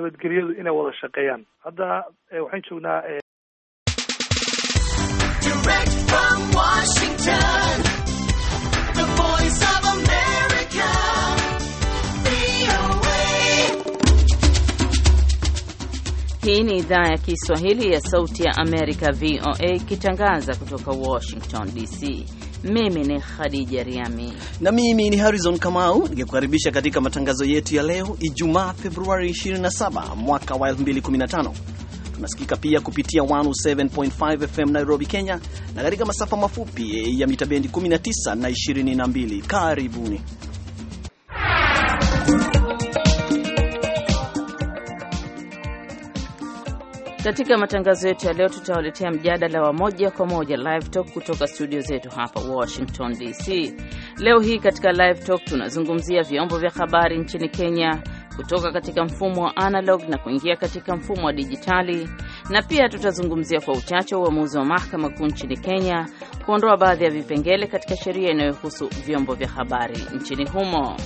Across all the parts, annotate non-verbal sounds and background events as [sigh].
nabadgelyadu inay wada shaqeeyaan hadda eh, waxaan joognaa eh, Hii ni idhaa ya Kiswahili ya Sauti ya Amerika, VOA, ikitangaza kutoka Washington DC. Mimi ni Khadija Riami na mimi ni Harrison Kamau, ningekukaribisha katika matangazo yetu ya leo Ijumaa, Februari 27 mwaka wa 2015. Tunasikika pia kupitia 107.5 FM Nairobi, Kenya, na katika masafa mafupi ya mita bendi 19 na 22. Karibuni Katika matangazo yetu ya leo tutawaletea mjadala wa moja kwa moja live talk kutoka studio zetu hapa Washington DC. Leo hii katika live talk tunazungumzia vyombo vya habari nchini Kenya kutoka katika mfumo wa analog na kuingia katika mfumo wa dijitali, na pia tutazungumzia kwa uchache uamuzi wa mahakama kuu nchini Kenya kuondoa baadhi ya vipengele katika sheria inayohusu vyombo vya habari nchini humo.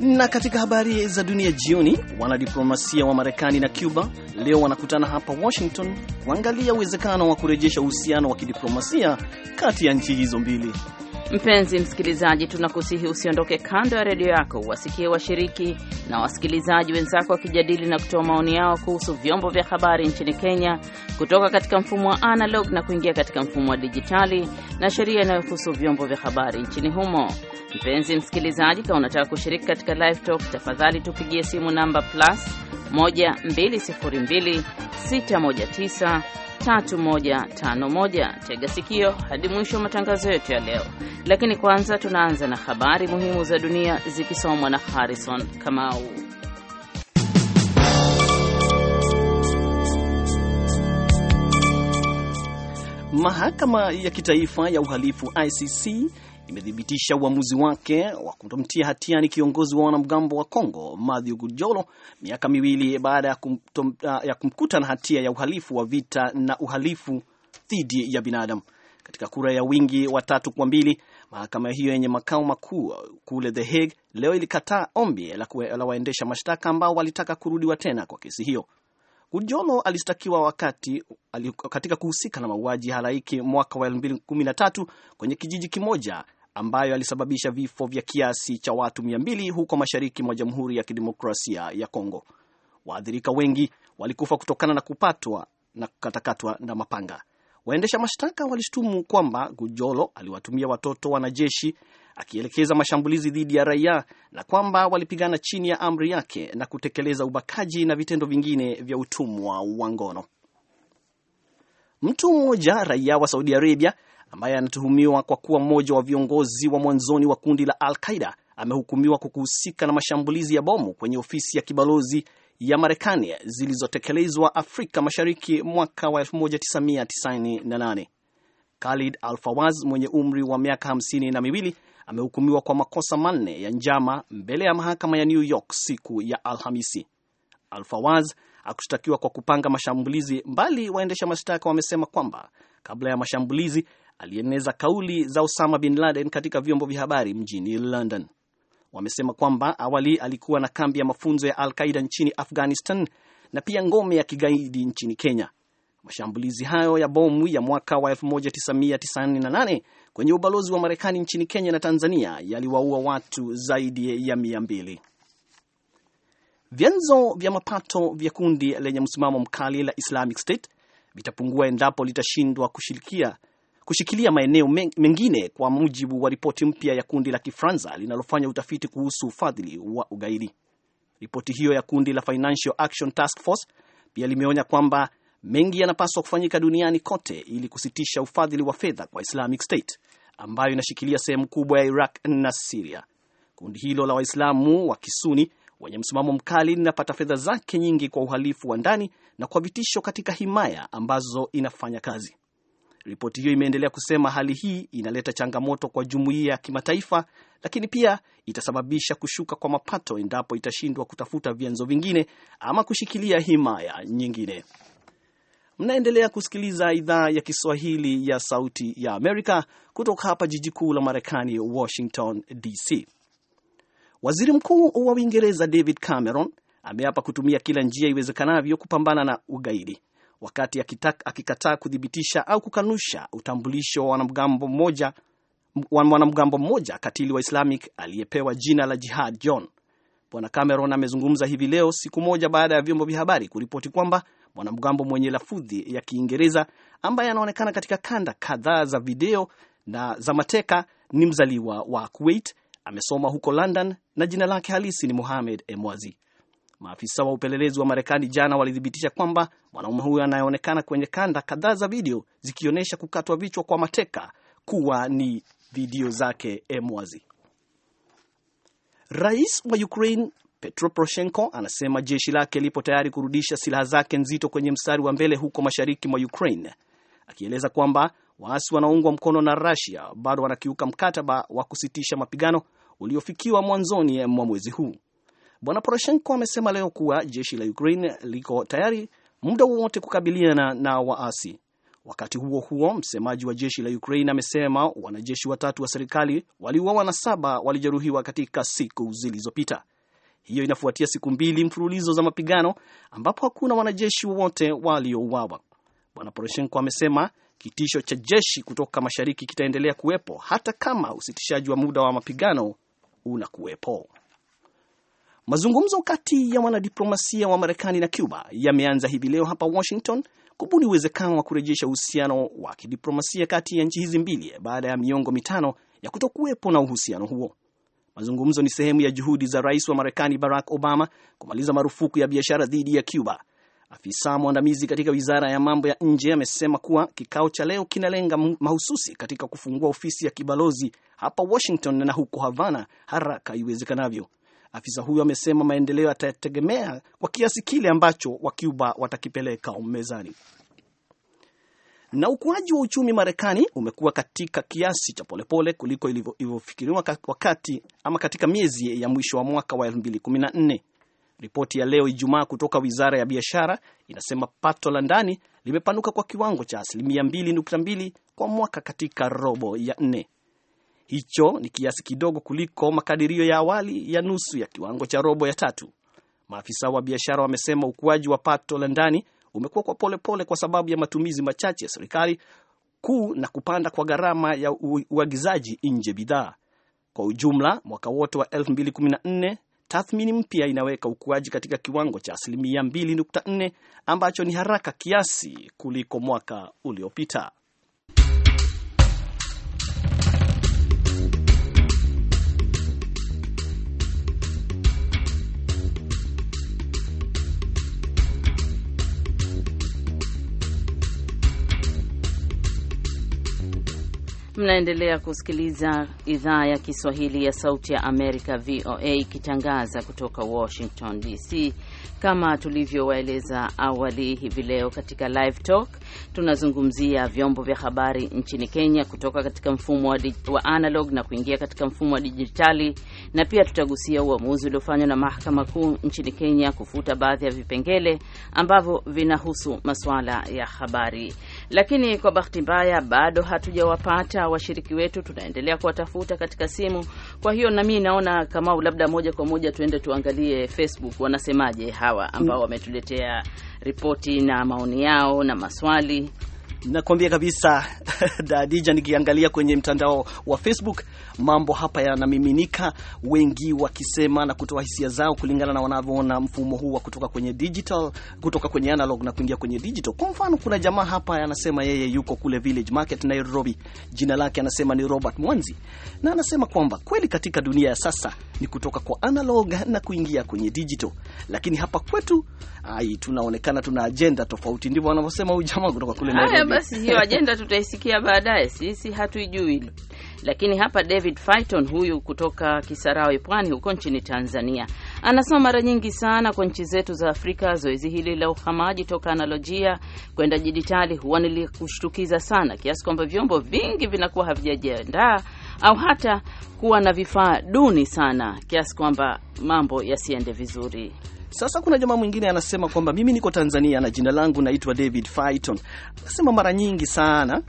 Na katika habari za dunia jioni, wanadiplomasia wa Marekani na Cuba leo wanakutana hapa Washington kuangalia uwezekano wa kurejesha uhusiano wa kidiplomasia kati ya nchi hizo mbili. Mpenzi msikilizaji, tunakusihi usiondoke kando ya redio yako, wasikie washiriki na wasikilizaji wenzako wakijadili na kutoa maoni yao kuhusu vyombo vya habari nchini Kenya, kutoka katika mfumo wa analog na kuingia katika mfumo wa dijitali na sheria inayohusu vyombo vya habari nchini humo. Mpenzi msikilizaji, kama unataka kushiriki katika live talk, tafadhali tupigie simu namba plus 1 202 619 3151. Tega sikio hadi mwisho wa matangazo yetu ya leo, lakini kwanza tunaanza na habari muhimu za dunia zikisomwa na Harrison Kamau. Mahakama ya Kitaifa ya Uhalifu ICC imethibitisha uamuzi wake wa kutomtia hatiani kiongozi wa wanamgambo wa congo Mathieu Gujolo miaka miwili baada ya, kumtom, ya kumkuta na hatia ya uhalifu wa vita na uhalifu dhidi ya binadamu katika kura ya wingi wa tatu kwa mbili. Mahakama hiyo yenye makao makuu kule The Hague leo ilikataa ombi la waendesha mashtaka ambao walitaka kurudiwa tena kwa kesi hiyo. Gujolo alistakiwa wakati katika kuhusika na mauaji halaiki mwaka wa 2013 kwenye kijiji kimoja ambayo alisababisha vifo vya kiasi cha watu 200 huko mashariki mwa Jamhuri ya Kidemokrasia ya Kongo. Waathirika wengi walikufa kutokana na kupatwa na kukatakatwa na mapanga. Waendesha mashtaka walishtumu kwamba Gujolo aliwatumia watoto wanajeshi akielekeza mashambulizi dhidi ya raia na kwamba walipigana chini ya amri yake na kutekeleza ubakaji na vitendo vingine vya utumwa wa ngono. Mtu mmoja raia wa Saudi Arabia ambaye anatuhumiwa kwa kuwa mmoja wa viongozi wa mwanzoni wa kundi la Al Qaida amehukumiwa kwa kuhusika na mashambulizi ya bomu kwenye ofisi ya kibalozi ya Marekani zilizotekelezwa Afrika Mashariki mwaka wa 1998. Khalid Alfawaz mwenye umri wa miaka hamsini na miwili amehukumiwa kwa makosa manne ya njama mbele ya mahakama ya New York siku ya Alhamisi. Alfawaz akushtakiwa kwa kupanga mashambulizi, mbali waendesha mashtaka wamesema kwamba kabla ya mashambulizi alieneza kauli za Osama bin Laden katika vyombo vya habari mjini London. Wamesema kwamba awali alikuwa na kambi ya mafunzo ya Al Qaida nchini Afghanistan na pia ngome ya kigaidi nchini Kenya. Mashambulizi hayo ya bomu ya mwaka wa 1998 kwenye ubalozi wa Marekani nchini Kenya na Tanzania yaliwaua watu zaidi ya mia mbili. Vyanzo vya mapato vya kundi lenye msimamo mkali la Islamic State vitapungua endapo litashindwa kushirikia kushikilia maeneo mengine, kwa mujibu wa ripoti mpya ya kundi la kifransa linalofanya utafiti kuhusu ufadhili wa ugaidi. Ripoti hiyo ya kundi la Financial Action Task Force pia limeonya kwamba mengi yanapaswa kufanyika duniani kote ili kusitisha ufadhili wa fedha kwa Islamic State ambayo inashikilia sehemu kubwa ya Iraq na Siria. Kundi hilo la Waislamu wa Kisuni wenye msimamo mkali linapata fedha zake nyingi kwa uhalifu wa ndani na kwa vitisho katika himaya ambazo inafanya kazi. Ripoti hiyo imeendelea kusema hali hii inaleta changamoto kwa jumuiya ya kimataifa, lakini pia itasababisha kushuka kwa mapato endapo itashindwa kutafuta vyanzo vingine ama kushikilia himaya nyingine. Mnaendelea kusikiliza idhaa ya Kiswahili ya Sauti ya Amerika kutoka hapa jiji kuu la Marekani, Washington DC. Waziri Mkuu wa Uingereza David Cameron ameapa kutumia kila njia iwezekanavyo kupambana na ugaidi wakati akikataa kuthibitisha au kukanusha utambulisho wa mwanamgambo mmoja mwanamgambo mmoja katili wa Islamic aliyepewa jina la Jihad John. Bwana Cameron amezungumza hivi leo, siku moja baada ya vyombo vya habari kuripoti kwamba mwanamgambo mwenye lafudhi ya Kiingereza ambaye anaonekana katika kanda kadhaa za video na za mateka ni mzaliwa wa Kuwait, amesoma huko London na jina lake halisi ni Mohamed Emwazi. Maafisa wa upelelezi wa Marekani jana walithibitisha kwamba mwanaume huyo anayeonekana kwenye kanda kadhaa za video zikionyesha kukatwa vichwa kwa mateka kuwa ni video zake Emwazi. Rais wa Ukraine Petro Poroshenko anasema jeshi lake lipo tayari kurudisha silaha zake nzito kwenye mstari wa mbele huko mashariki mwa Ukraine, akieleza kwamba waasi wanaoungwa mkono na Russia bado wanakiuka mkataba wa kusitisha mapigano uliofikiwa mwanzoni mwa mwezi huu. Bwana Poroshenko amesema leo kuwa jeshi la Ukraine liko tayari muda wowote kukabiliana na waasi. Wakati huo huo, msemaji wa jeshi la Ukraine amesema wanajeshi watatu wa serikali waliuawa na saba walijeruhiwa katika siku zilizopita. Hiyo inafuatia siku mbili mfululizo za mapigano ambapo hakuna wanajeshi wowote waliouawa. Bwana Poroshenko amesema kitisho cha jeshi kutoka mashariki kitaendelea kuwepo hata kama usitishaji wa muda wa mapigano unakuwepo. Mazungumzo kati ya wanadiplomasia wa Marekani na Cuba yameanza hivi leo hapa Washington kubuni uwezekano wa kurejesha uhusiano wa kidiplomasia kati ya nchi hizi mbili baada ya miongo mitano ya kutokuwepo na uhusiano huo. Mazungumzo ni sehemu ya juhudi za rais wa Marekani Barack Obama kumaliza marufuku ya biashara dhidi ya Cuba. Afisa mwandamizi katika wizara ya mambo ya nje amesema kuwa kikao cha leo kinalenga mahususi katika kufungua ofisi ya kibalozi hapa Washington na huko Havana haraka iwezekanavyo. Afisa huyo amesema maendeleo yatategemea kwa kiasi kile ambacho Wacuba watakipeleka mezani. Na ukuaji wa uchumi Marekani umekuwa katika kiasi cha polepole kuliko ilivyofikiriwa wakati ama katika miezi ya mwisho wa mwaka wa 2014. Ripoti ya leo Ijumaa kutoka wizara ya biashara inasema pato la ndani limepanuka kwa kiwango cha asilimia 2.2 kwa mwaka katika robo ya nne. Hicho ni kiasi kidogo kuliko makadirio ya awali ya nusu ya kiwango cha robo ya tatu. Maafisa wa biashara wamesema ukuaji wa pato la ndani umekuwa kwa polepole pole kwa sababu ya matumizi machache ya serikali kuu na kupanda kwa gharama ya uagizaji nje bidhaa. Kwa ujumla, mwaka wote wa 2014 tathmini mpya inaweka ukuaji katika kiwango cha asilimia 2.4 ambacho ni haraka kiasi kuliko mwaka uliopita. Mnaendelea kusikiliza idhaa ya Kiswahili ya Sauti ya Amerika, VOA, ikitangaza kutoka Washington DC. Kama tulivyowaeleza awali, hivi leo katika Live Talk tunazungumzia vyombo vya habari nchini Kenya kutoka katika mfumo wa, wa analog na kuingia katika mfumo wa dijitali, na pia tutagusia uamuzi uliofanywa na mahakama kuu nchini Kenya kufuta baadhi ya vipengele ambavyo vinahusu masuala ya habari lakini kwa bahati mbaya bado hatujawapata washiriki wetu, tunaendelea kuwatafuta katika simu. Kwa hiyo nami naona kama labda moja kwa moja tuende tuangalie Facebook wanasemaje hawa ambao mm. wametuletea ripoti na maoni yao na maswali. Nakwambia kabisa [laughs] Dadija, nikiangalia kwenye mtandao wa Facebook mambo hapa yanamiminika, wengi wakisema na kutoa hisia zao kulingana na wanavyoona mfumo huu wa kutoka kwenye digital, kutoka kwenye analog na kuingia kwenye digital. Kwa mfano, kuna jamaa hapa anasema yeye yuko kule Village Market Nairobi, jina lake anasema ni Robert Mwanzi, na anasema kwamba kweli katika dunia ya sasa ni kutoka kwa analog na kuingia kwenye digital, lakini hapa kwetu ai, tunaonekana tuna ajenda tofauti. Ndivyo wanavyosema huyu jamaa kutoka kule Nairobi. Basi hiyo [laughs] ajenda tutaisikia baadaye, sisi hatuijui. Lakini hapa David Fyton huyu kutoka Kisarawe, Pwani, huko nchini Tanzania, anasema mara nyingi sana kwa nchi zetu za Afrika zoezi hili la uhamaji toka analojia kwenda dijitali huwa nilikushtukiza sana, kiasi kwamba vyombo vingi vinakuwa havijajiandaa au hata kuwa na vifaa duni sana, kiasi kwamba mambo yasiende vizuri. Sasa kuna jamaa mwingine anasema kwamba mimi niko Tanzania na jina langu naitwa David Fighton. Anasema mara nyingi sana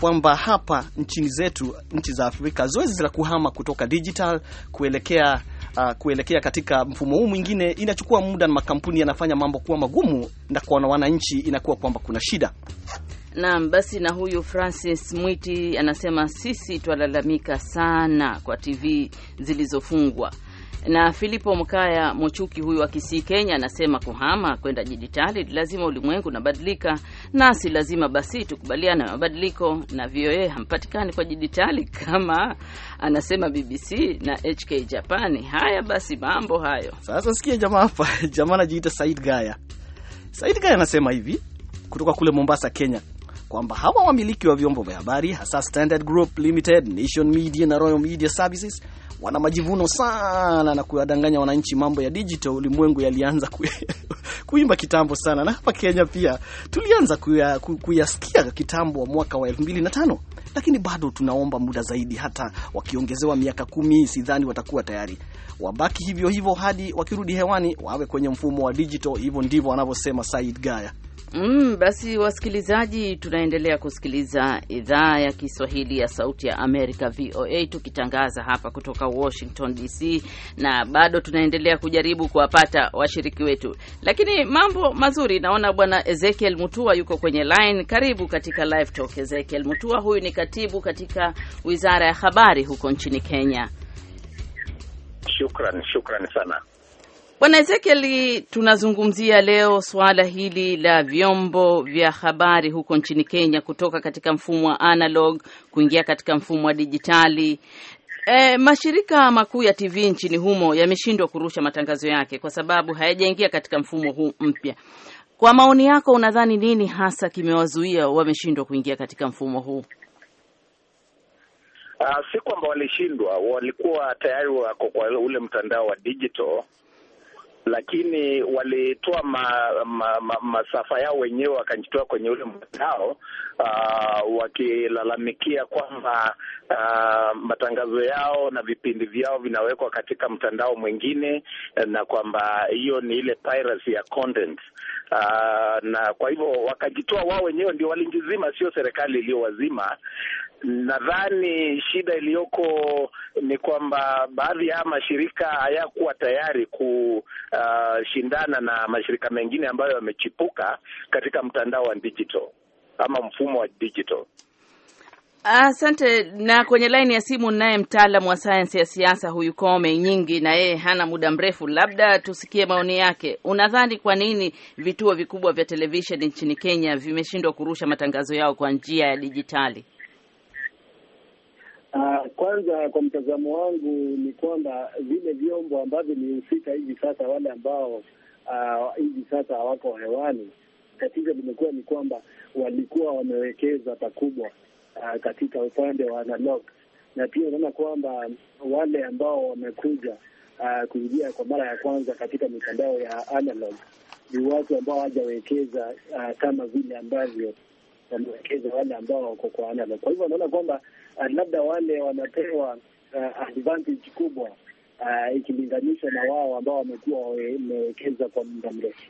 kwamba hapa nchini zetu, nchi za Afrika, zoezi la kuhama kutoka digital kuelekea Uh, kuelekea katika mfumo huu mwingine inachukua muda na makampuni yanafanya mambo kuwa magumu, na kwa wananchi inakuwa kwamba kuna shida. Naam, basi na huyu Francis Mwiti anasema sisi twalalamika sana kwa TV zilizofungwa na Filipo Mkaya Mochuki huyu wa Kisii, Kenya, anasema kuhama kwenda dijitali lazima, ulimwengu unabadilika, nasi lazima basi tukubaliana na mabadiliko, na VOA hampatikani kwa jijitali [laughs] kama anasema BBC na HK Japani. Haya basi, mambo hayo sasa. Sikia jamaa hapa, jamaa anajiita Said Gaya. Said Gaya anasema hivi kutoka kule Mombasa, Kenya kwamba hawa wamiliki wa vyombo vya habari hasa Standard Group Limited, Nation Media na Royal Media Services wana majivuno sana na kuwadanganya wananchi mambo ya digital. Ulimwengu yalianza ku, [laughs] kuimba kitambo sana, na hapa Kenya pia tulianza kuyasikia kuya kitambo wa mwaka wa 2005 lakini bado tunaomba muda zaidi. Hata wakiongezewa miaka kumi, sidhani watakuwa tayari. Wabaki hivyo hivyo hadi wakirudi hewani wawe kwenye mfumo wa digital. Hivyo ndivyo wanavyosema Said Gaya. Mm, basi wasikilizaji, tunaendelea kusikiliza idhaa ya Kiswahili ya Sauti ya Amerika VOA tukitangaza hapa kutoka Washington DC, na bado tunaendelea kujaribu kuwapata washiriki wetu, lakini mambo mazuri. Naona bwana Ezekiel Mutua yuko kwenye line. Karibu katika live talk, Ezekiel Mutua. Huyu ni katibu katika Wizara ya Habari huko nchini Kenya. Shukran, shukran sana. Bwana Ezekieli, tunazungumzia leo suala hili la vyombo vya habari huko nchini Kenya kutoka katika mfumo wa analog kuingia katika mfumo wa dijitali. E, mashirika makuu ya TV nchini humo yameshindwa kurusha matangazo yake kwa sababu hayajaingia katika mfumo huu mpya. Kwa maoni yako, unadhani nini hasa kimewazuia wameshindwa kuingia katika mfumo huu? Uh, si kwamba walishindwa, walikuwa tayari wako kwa ule mtandao wa digital lakini walitoa ma, ma, ma, masafa yao wenyewe wakajitoa kwenye ule mtandao uh, wakilalamikia kwamba uh, matangazo yao na vipindi vyao vinawekwa katika mtandao mwingine, eh, na kwamba hiyo ni ile piracy ya content uh, na kwa hivyo wakajitoa wao wenyewe, ndio walingizima sio serikali iliyowazima. Nadhani shida iliyoko ni kwamba baadhi ya mashirika hayakuwa tayari kushindana ah, na mashirika mengine ambayo yamechipuka katika mtandao wa digital ama mfumo wa digital. Asante. Na kwenye laini ya simu naye mtaalamu wa sayansi ya siasa huyu Kome Nyingi, na yeye hana muda mrefu, labda tusikie maoni yake. Unadhani kwa nini vituo vikubwa vya televisheni nchini Kenya vimeshindwa kurusha matangazo yao kwa njia ya dijitali? Uh, kwanza kwa mtazamo wangu ni kwamba vile vyombo ambavyo vimehusika hivi sasa, wale ambao uh, hivi sasa hawako hewani, tatizo limekuwa ni kwamba walikuwa wamewekeza pakubwa uh, katika upande wa analog, na pia unaona kwamba wale ambao wamekuja uh, kuingia kwa mara ya kwanza katika mitandao ya analog ni watu ambao hawajawekeza uh, kama vile ambavyo wamewekeza wale ambao wako kwa analog. Kwa hivyo wanaona kwamba uh, labda wale wanapewa uh, advantage kubwa uh, ikilinganishwa na wao ambao wamekuwa wamewekeza kwa muda mrefu.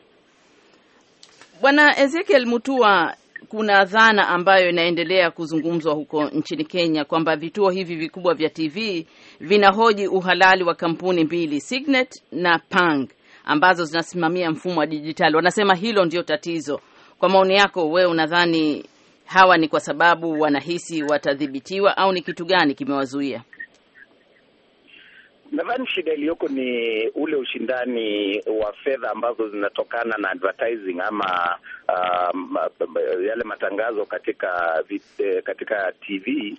Bwana Ezekiel Mutua, kuna dhana ambayo inaendelea kuzungumzwa huko nchini Kenya kwamba vituo hivi vikubwa vya TV vinahoji uhalali wa kampuni mbili Signet na Pang ambazo zinasimamia mfumo wa dijitali. Wanasema hilo ndio tatizo. Kwa maoni yako wewe, unadhani hawa ni kwa sababu wanahisi watadhibitiwa au ni kitu gani kimewazuia? Nadhani shida iliyoko ni ule ushindani wa fedha ambazo zinatokana na advertising ama um, yale matangazo katika eh, katika TV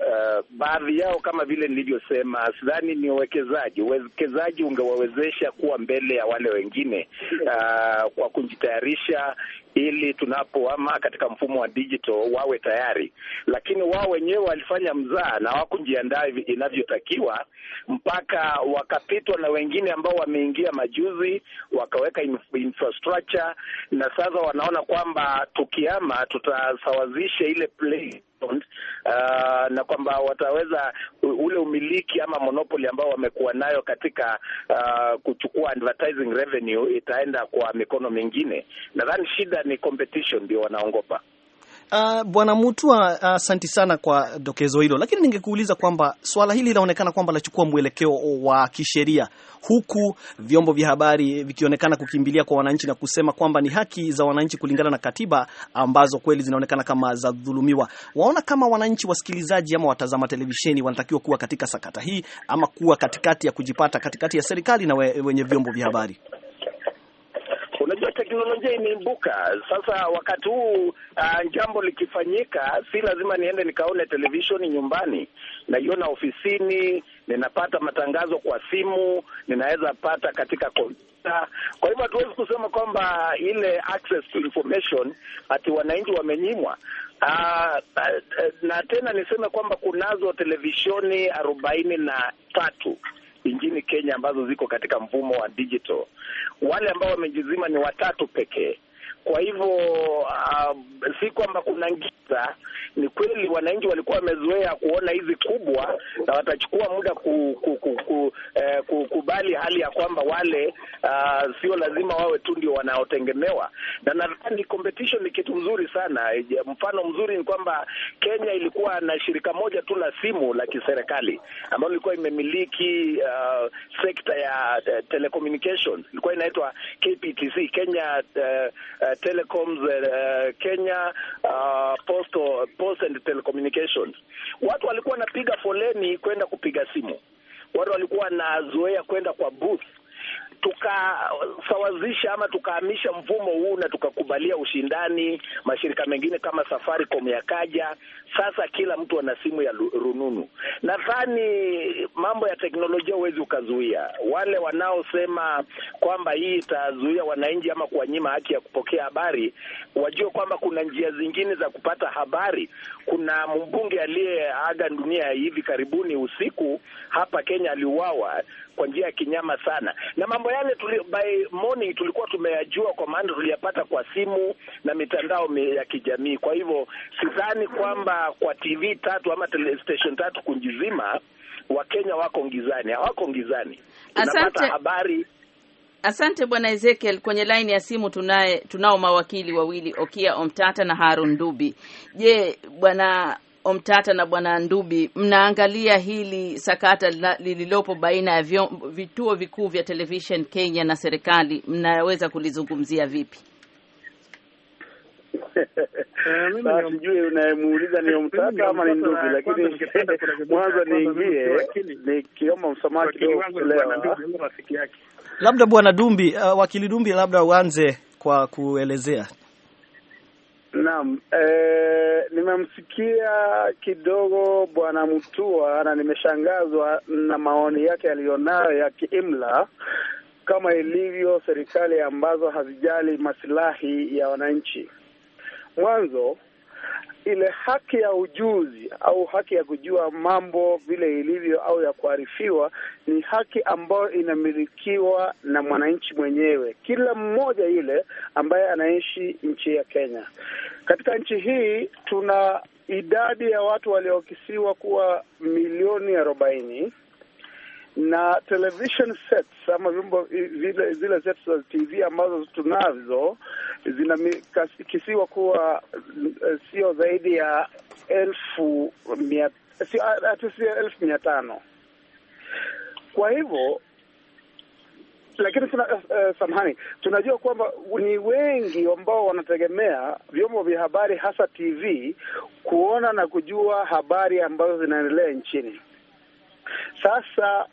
Eh, baadhi yao kama vile nilivyosema, sidhani ni uwekezaji. Uwekezaji ungewawezesha kuwa mbele ya wale wengine uh, kwa kujitayarisha ili tunapoama katika mfumo wa digital wawe tayari, lakini wao wenyewe walifanya mzaa na hawakujiandaa inavyotakiwa mpaka wakapitwa na wengine ambao wameingia majuzi, wakaweka infrastructure na sasa wanaona kwamba tukiama tutasawazisha ile play Uh, na kwamba wataweza ule umiliki ama monopoli ambao wamekuwa nayo katika uh, kuchukua advertising revenue itaenda kwa mikono mingine. Nadhani shida ni competition, ndio wanaongopa. Uh, Bwana Mutua, ah, asanti uh, sana kwa dokezo hilo, lakini ningekuuliza kwamba swala hili linaonekana kwamba lachukua mwelekeo wa kisheria, huku vyombo vya habari vikionekana kukimbilia kwa wananchi na kusema kwamba ni haki za wananchi kulingana na katiba ambazo kweli zinaonekana kama za dhulumiwa. Waona kama wananchi, wasikilizaji ama watazama televisheni wanatakiwa kuwa katika sakata hii ama kuwa katikati ya kujipata katikati ya serikali na we, wenye vyombo vya habari? teknolojia imeimbuka sasa. Wakati huu uh, jambo likifanyika, si lazima niende nikaone televisheni nyumbani, naiona ofisini, ninapata matangazo kwa simu, ninaweza pata katika kompyuta. Kwa hivyo hatuwezi kusema kwamba ile access to information ati wananchi wamenyimwa. Uh, na tena niseme kwamba kunazo televisheni arobaini na tatu nchini Kenya ambazo ziko katika mfumo wa digital. Wale ambao wamejizima ni watatu pekee, kwa hivyo uh, si kwamba kuna ngiza ni kweli wananchi walikuwa wamezoea kuona hizi kubwa, na watachukua muda ku, ku, ku, ku, eh, kukubali hali ya kwamba wale uh, sio lazima wawe tu ndio wanaotengemewa, na nadhani competition ni kitu mzuri sana. Mfano mzuri ni kwamba Kenya ilikuwa na shirika moja tu la simu la kiserikali ambalo ilikuwa imemiliki uh, sekta ya eh, telecommunications, ilikuwa inaitwa KPTC, Kenya uh, telecoms uh, Kenya, uh, posto, post and telecommunications. Watu walikuwa wanapiga foleni kwenda kupiga simu, watu walikuwa wanazoea kwenda kwa booth tukasawazisha ama tukahamisha mfumo huu na tukakubalia ushindani. Mashirika mengine kama Safaricom yakaja, sasa kila mtu ana simu ya rununu. Nadhani mambo ya teknolojia huwezi ukazuia. Wale wanaosema kwamba hii itazuia wananchi ama kuwanyima haki ya kupokea habari, wajue kwamba kuna njia zingine za kupata habari. Kuna mbunge aliyeaga dunia hivi karibuni usiku hapa Kenya, aliuawa kwa njia ya kinyama sana na mambo mambo yale tuli, by morning tulikuwa tumeyajua kwa maana tuliyapata kwa simu na mitandao ya kijamii. Kwa hivyo sidhani kwamba kwa TV tatu ama station tatu kunjizima Wakenya wako ngizani, hawako ngizani, Asante habari. Asante Bwana Ezekiel. Kwenye laini ya simu tunaye tunao mawakili wawili, Okia Omtata na Harun Dubi. Je, Bwana Omtata na bwana Ndubi, mnaangalia hili sakata lililopo baina ya vituo vikuu vya television Kenya na serikali, mnaweza kulizungumzia vipi? Eh, Sijui unayemuuliza ni Omtata ama ni Ndubi, lakini mwanzo niingie nikiomba msamaha kidogo kuelewa. Labda bwana Dumbi, uh, wakili Dumbi, labda uanze kwa kuelezea. Naam, eh, Nimemsikia kidogo Bwana Mutua na nimeshangazwa na maoni yake aliyonayo ya kiimla, kama ilivyo serikali ambazo hazijali masilahi ya wananchi. Mwanzo ile haki ya ujuzi au haki ya kujua mambo vile ilivyo au ya kuarifiwa ni haki ambayo inamilikiwa na mwananchi mwenyewe, kila mmoja yule ambaye anaishi nchi ya Kenya. Katika nchi hii tuna idadi ya watu walioakisiwa kuwa milioni arobaini na television sets ama vyombo zile, zile sets za TV ambazo tunazo zinakisiwa kuwa eh, sio zaidi ya elfu mia sio elfu mia tano kwa hivyo lakini tuna, uh, samahani, tunajua kwamba ni wengi ambao wanategemea vyombo vya habari hasa TV kuona na kujua habari ambazo zinaendelea nchini. Sasa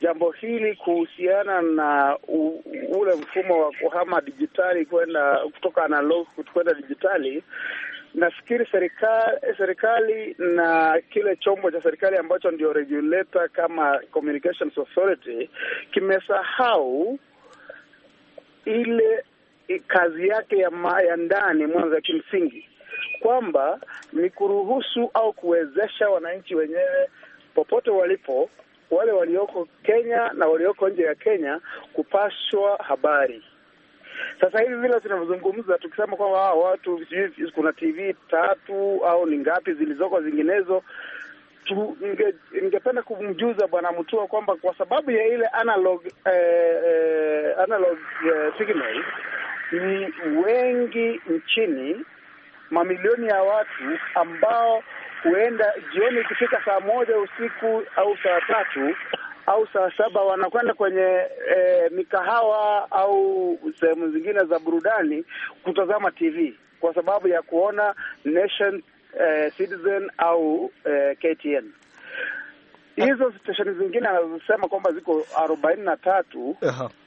jambo hili kuhusiana na u, ule mfumo wa kuhama dijitali kwenda kutoka analog kwenda dijitali, nafikiri serikali serikali na kile chombo cha serikali ambacho ndio regulator kama Communications Authority kimesahau ile kazi yake ya, ma, ya ndani mwanzo ya kimsingi kwamba ni kuruhusu au kuwezesha wananchi wenyewe popote walipo wale walioko Kenya na walioko nje ya Kenya kupashwa habari. Sasa hivi vile tunavyozungumza, tukisema kwamba hawa watu sijui kuna TV tatu au ni ngapi zilizoko zinginezo ningependa kumjuza Bwana Mutua kwamba kwa sababu ya ile analog eh, eh analog eh, signal ni wengi nchini, mamilioni ya watu ambao huenda jioni ikifika saa moja usiku au saa tatu au saa saba wanakwenda kwenye e, mikahawa au sehemu zingine za burudani kutazama TV kwa sababu ya kuona Nation, e, Citizen au e, KTN. Hizo stesheni zingine anazosema kwamba ziko arobaini na tatu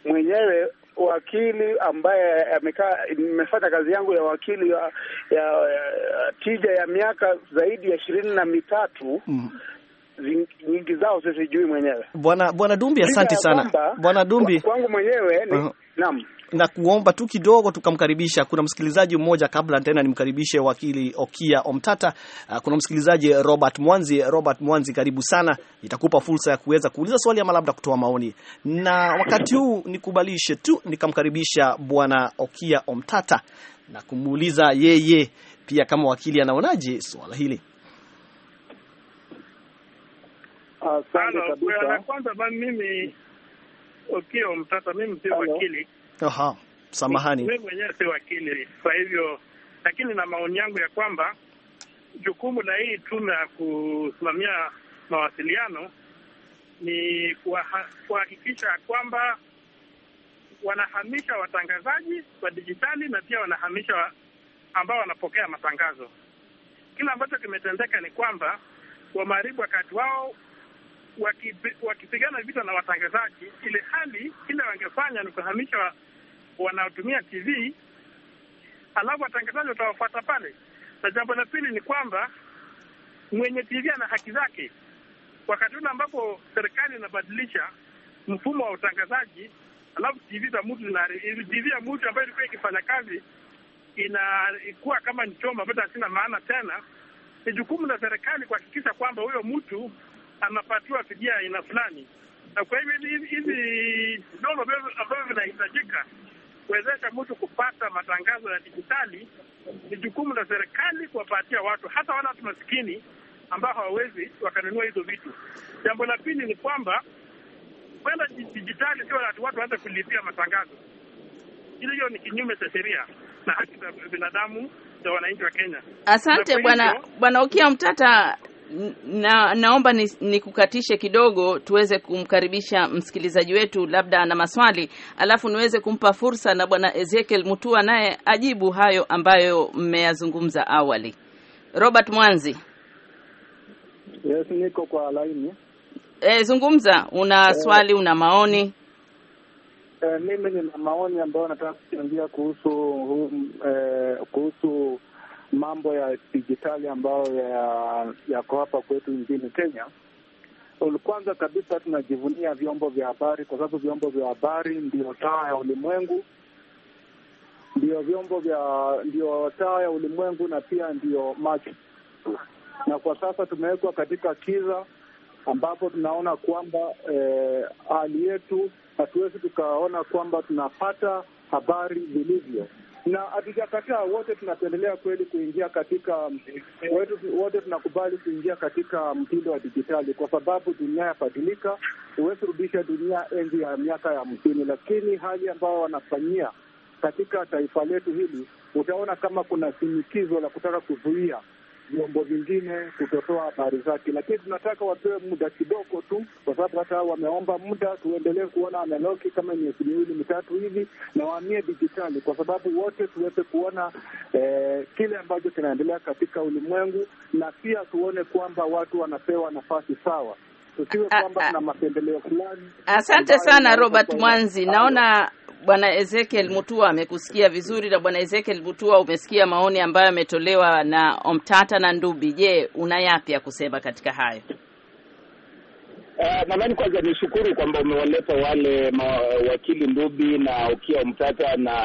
mwenyewe wakili ambaye amekaa, nimefanya kazi yangu ya wakili ya, ya, ya tija ya miaka zaidi ya ishirini na mitatu mm. Nyingi zao sisijui mwenyewe. Bwana Bwana Dumbi, asante sana Bwana Dumbi. Kwangu mwenyewe ni uh -huh. Naam na kuomba tu kidogo tukamkaribisha. Kuna msikilizaji mmoja, kabla tena nimkaribishe wakili Okia Omtata. Ah, kuna msikilizaji Robert Mwanzi. Robert Mwanzi, karibu sana, nitakupa fursa ya kuweza kuuliza swali ama labda kutoa maoni, na wakati huu nikubalishe tu nikamkaribisha bwana Okia Omtata na kumuuliza yeye pia kama wakili anaonaje swala hili. Asante kabisa. Kwanza mimi Okia Omtata, mimi si wakili Aha, samahani, mimi mwenyewe si wakili, kwa hivyo lakini na maoni yangu ya kwamba jukumu la hii tume ya kusimamia mawasiliano ni kuhakikisha kwa kwamba wanahamisha watangazaji wa dijitali na pia wanahamisha wa ambao wanapokea matangazo. Kile ambacho kimetendeka ni kwamba wamaharibu wakati wao wakipigana waki vita na watangazaji, ile hali ile wangefanya ni kuhamisha wanaotumia TV, alafu watangazaji watawafuata pale. Na jambo la pili ni kwamba mwenye TV ana haki zake. Wakati ule ambapo serikali inabadilisha mfumo wa utangazaji, alafu TV za mtu na TV ya mtu ambayo ilikuwa ikifanya kazi inakuwa kama ni choma ambacho hasina maana tena, ni jukumu la serikali kuhakikisha kwamba huyo mtu anapatiwa fidia aina fulani, na kwa hivyo hivi vyombo ambavyo vinahitajika kuwezesha mtu kupata matangazo ya dijitali ni jukumu la serikali kuwapatia watu, hata wale watu masikini ambao hawawezi wakanunua hizo vitu. Jambo la pili ni kwamba kwenda dijitali sio watu waanze kulipia matangazo. Hiyo ni kinyume cha sheria na haki za binadamu za wananchi wa Kenya. Asante bwana Bwana Ukia Mtata na, naomba nikukatishe ni kidogo tuweze kumkaribisha msikilizaji wetu, labda ana maswali, alafu niweze kumpa fursa na bwana Ezekiel Mutua naye ajibu hayo ambayo mmeyazungumza awali. Robert Mwanzi. Yes, niko kwa laini. E, zungumza, una e, swali, una maoni? E, mimi nina maoni ambayo nataka kuchangia kuhusu um, e, kuhusu mambo ya dijitali ambayo yako ya hapa kwetu nchini Kenya. Kwanza kabisa tunajivunia vyombo vya habari kwa sababu vyombo vya habari ndio taa ya ulimwengu, ndio vyombo vya ndio taa ya ulimwengu na pia ndio macho, na kwa sasa tumewekwa katika kiza ambapo tunaona kwamba eh, hali eh, yetu hatuwezi tukaona kwamba tunapata habari vilivyo na hatujakataa wote, tunapendelea kweli kuingia katika wetu, wote tunakubali kuingia katika mtindo wa dijitali, kwa sababu dunia yabadilika. Huwezi rudisha dunia enzi ya miaka ya hamsini, lakini hali ambayo wanafanyia katika taifa letu hili, utaona kama kuna shinikizo la kutaka kuzuia vyombo vingine kutotoa habari zake, lakini tunataka wapewe muda kidogo tu, kwa sababu hata wameomba muda, tuendelee kuona analogi kama miezi miwili mitatu hivi, na wahamie dijitali, kwa sababu wote tuweze kuona eh, kile ambacho kinaendelea katika ulimwengu, na pia tuone kwamba watu wanapewa nafasi sawa tusiwe ah, kwamba ah. tuna mapendeleo fulani. Asante sana Robert Mwanzi, naona Bwana Ezekiel mm. Mutua amekusikia vizuri, na Bwana Ezekiel Mutua, umesikia maoni ambayo yametolewa na Omtata na Ndubi. Je, una yapi ya kusema katika hayo? Uh, nadhani kwanza nishukuru kwamba umewaleta wale wakili Ndubi na Ukia Omtata na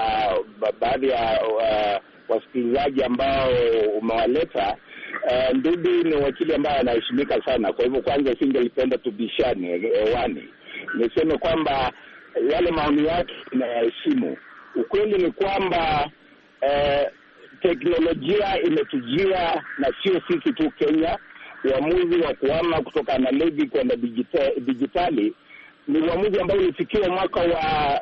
baadhi ya uh, wasikilizaji ambao umewaleta Uh, eh, Ndudi ni wakili ambaye anaheshimika sana, kwa hivyo kwanza singelipenda tubishani hewani. Eh, Niseme kwamba yale maoni yake inayaheshimu. Ukweli ni kwamba uh, teknolojia imetujia na sio sisi tu Kenya. Uamuzi wa kuama kutoka analogi kwenda dijitali ni uamuzi ambao ulifikiwa mwaka wa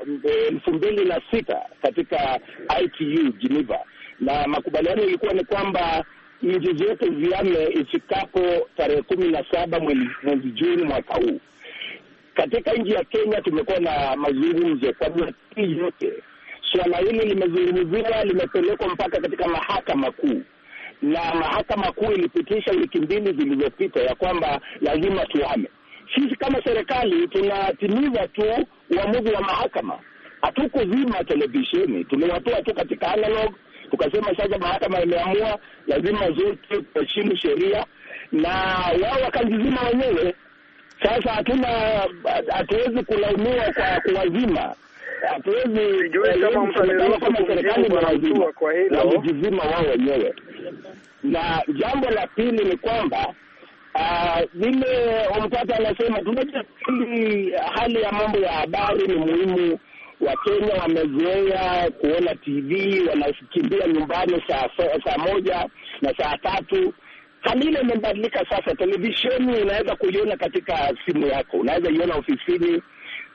elfu mbili na sita katika ITU Geneva, na makubaliano ilikuwa ni kwamba nchi zetu ziame ifikapo tarehe kumi na saba mwezi Juni mwaka huu. Katika nchi ya Kenya tumekuwa na mazungumzo kwa miaka yote, suala hili limezungumziwa, limepelekwa mpaka katika mahakama kuu na mahakama kuu ilipitisha wiki mbili zilizopita ya kwamba lazima tuame. Sisi kama serikali tunatimiza tu uamuzi wa mahakama, hatukuzima televisheni, tumewatoa tu katika analog Tukasema sasa mahakama imeamua lazima zote kuheshimu sheria, na wao wakazizima wenyewe. Sasa hatuna hatuwezi kulaumiwa kwa kuwazima, hatuwezi kama serikali imewazima, wamejizima wao wenyewe. Na jambo la pili ni kwamba ah, vile Omtata anasema, tunajua hali ya mambo ya habari ni muhimu Wakenya wamezoea kuona TV, wanakimbia nyumbani saa, saa moja na saa tatu. Hali ile imebadilika sasa. Televisheni unaweza kuiona katika simu yako, unaweza iona ofisini.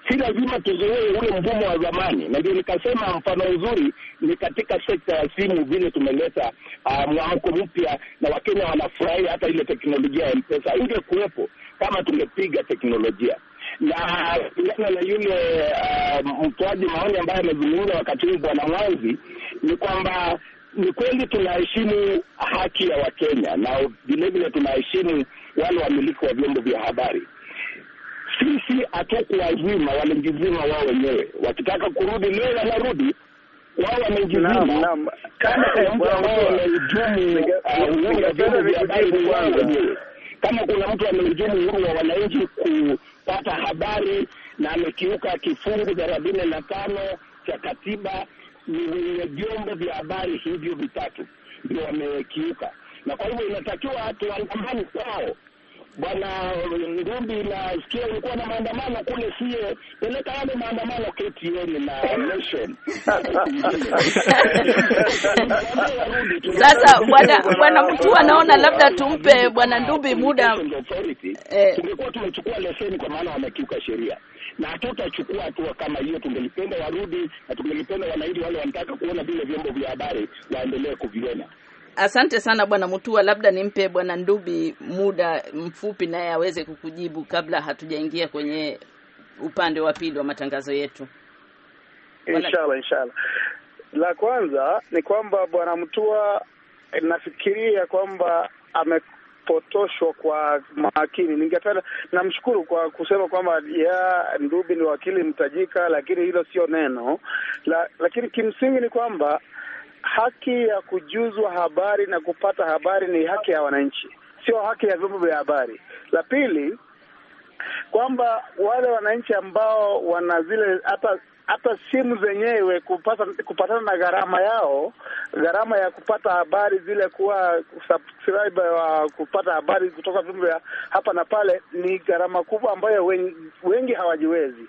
Si lazima tuzoee ule mvumo wa zamani, na ndio nikasema mfano mzuri ni katika sekta ya simu, vile tumeleta uh, mwamko mpya na Wakenya wanafurahia. Hata ile teknolojia ya M-Pesa ingekuwepo kama tungepiga teknolojia na kulingana na yule um, mtoaji maoni ambaye amezungumza wakati huu Bwana Mwanzi ni kwamba ni kweli tunaheshimu haki ya Wakenya na vilevile tunaheshimu wale wamiliki wa vyombo vya habari. Sisi hatukuwazima walijizima wao wenyewe, wakitaka kurudi leo wanarudi wao wamejizima. Kama kuna mtu ambaye amehujumu uhuru wa vyombo vya habari, wao wenyewe. Kama kuna mtu amehujumu uhuru wa wananchi ku kupata habari na amekiuka kifungu thelathini na tano cha katiba wenye vyombo vya habari hivyo vitatu ndio wamekiuka, na kwa hivyo inatakiwa tuandamani kwao bwana ngumbi na sikia ilikuwa na maandamano kule, sie peleka yale maandamano KTN na Nation. [laughs] Sasa bwana bwana mtu anaona labda tumpe bwana Ndumbi muda, eh. tungekuwa tumechukua leseni, kwa maana wamekiuka sheria na hatutachukua hatua kama hiyo. Tungelipenda warudi na tungelipenda wanaidi wale wanataka kuona vile vyombo vya habari waendelee kuviona Asante sana bwana Mutua, labda nimpe bwana Ndubi muda mfupi naye aweze kukujibu kabla hatujaingia kwenye upande wa pili wa matangazo yetu. Inshallah, inshallah. La kwanza ni kwamba bwana Mtua nafikiria kwamba amepotoshwa kwa makini. Ningependa namshukuru kwa kusema kwamba ya Ndubi ni wakili mtajika, lakini hilo sio neno la, lakini kimsingi ni kwamba haki ya kujuzwa habari na kupata habari ni haki ya wananchi, sio haki ya vyombo vya habari. La pili kwamba wale wananchi ambao wana zile hata hata simu zenyewe kupata kupatana na gharama yao, gharama ya kupata habari zile, kuwa subscriber wa kupata habari kutoka vyombo vya hapa na pale, ni gharama kubwa ambayo wengi, wengi hawajiwezi.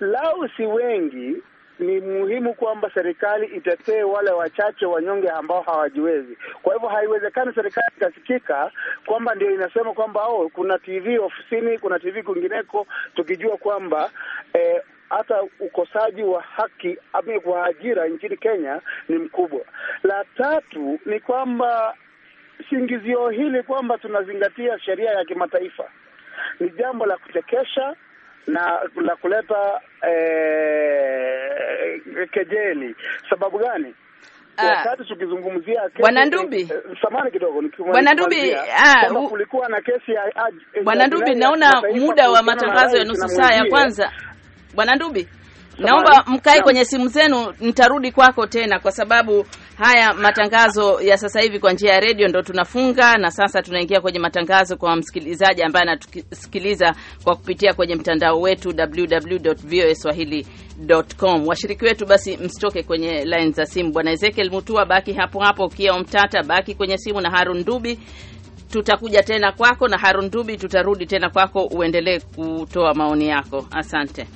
Lau si wengi ni muhimu kwamba serikali itetee wale wachache wanyonge ambao hawajiwezi. Kwa hivyo haiwezekani serikali ikasikika kwamba ndio inasema kwamba oh, kuna TV ofisini, kuna TV kwingineko, tukijua kwamba eh, hata ukosaji wa haki kwa ajira nchini Kenya ni mkubwa. La tatu ni kwamba singizio hili kwamba tunazingatia sheria ya kimataifa ni jambo la kuchekesha na la kuleta eh, kejeli. Sababu gani? Ah. Wakati tukizungumzia Bwana Ndumbi, eh, samahani kidogo, Bwana Ndumbi, ah, kulikuwa na kesi ya Bwana Ndumbi. Naona muda wa matangazo ya nusu saa ya kwanza, Bwana Ndumbi naomba mkae kwenye simu zenu, nitarudi kwako tena, kwa sababu haya matangazo ya sasa hivi kwa njia ya redio ndo tunafunga, na sasa tunaingia kwenye matangazo kwa msikilizaji ambaye anatusikiliza kwa kupitia kwenye mtandao wetu www.voaswahili.com. Washiriki wetu basi, msitoke kwenye line za simu. Bwana Ezekiel Mutua, baki hapo hapo. Ukiao Mtata, baki kwenye simu, na Harun Dubi tutakuja tena kwako, na Harun Dubi tutarudi tena kwako uendelee kutoa maoni yako. Asante.